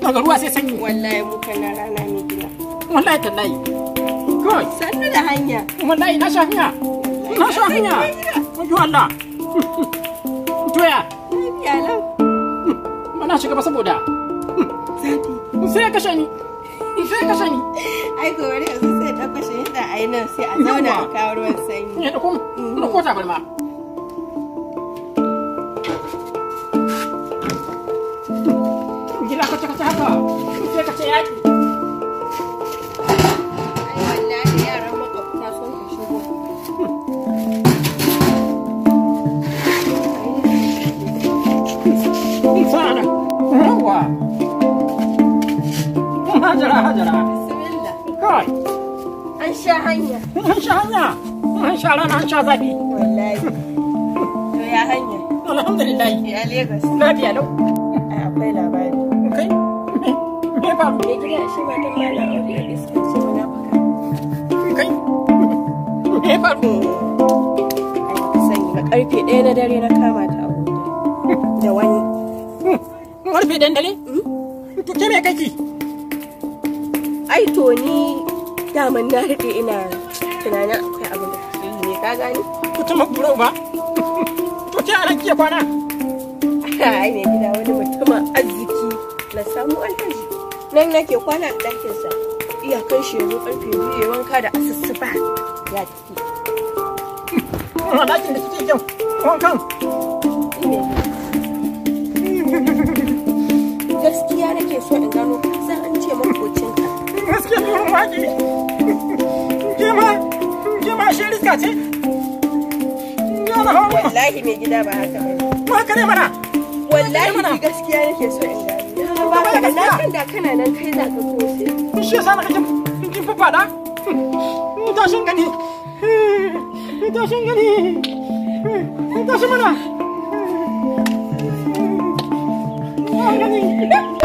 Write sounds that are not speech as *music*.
daga ruwa sai sanyi wallahi mu kana rana mai gida wallahi tallahi kai sannu da hanya wallahi na sha hanya na sha hanya wajo Allah toya yalan mana shiga ba saboda sai ya kashe ni sai ya kashe ni ai gobe yanzu sai ta kashe ni da ainihin sai a zauna a kawo ruwan sanyi ya dauko كنت كنت هكا كنت كنت يعني هجرة هجرة بسم الله كاي انشا هنيا انشا هنيا انشا لنا انشا زكي والله يا هنيا الحمد لله يا ليغس لا بيالو اقبل باري ba ku da gida shi ma dan baka kai me ba karfe 1 na dare na kama ta abuja da wani karfe 1 dare hmm? to ke me kake ai to ni daman na rike ina tunanin akwai abin da kake yi ne ka gani ku ta makuro ba to ke kwana ai ne gida wani mutumin arziki na samu alhaji nan nake kwana a ɗakinsa kai shi yanzu ƙarfe biyu ya wanka da asussufa ya ciki a ɗakin da suke kyau wankan gaskiya nake so in gano san an ce makocinka gaskiya ne mun waƙi kima kima shi riska ce wallahi mai gida ba haka ba ma kare mana wallahi gaskiya nake so in gano 奶 *laughs* 奶，你看奶奶推哪个东西？你先那个你不管他，哼！你大声赶紧，你大声赶紧，你大声么呢？我告你。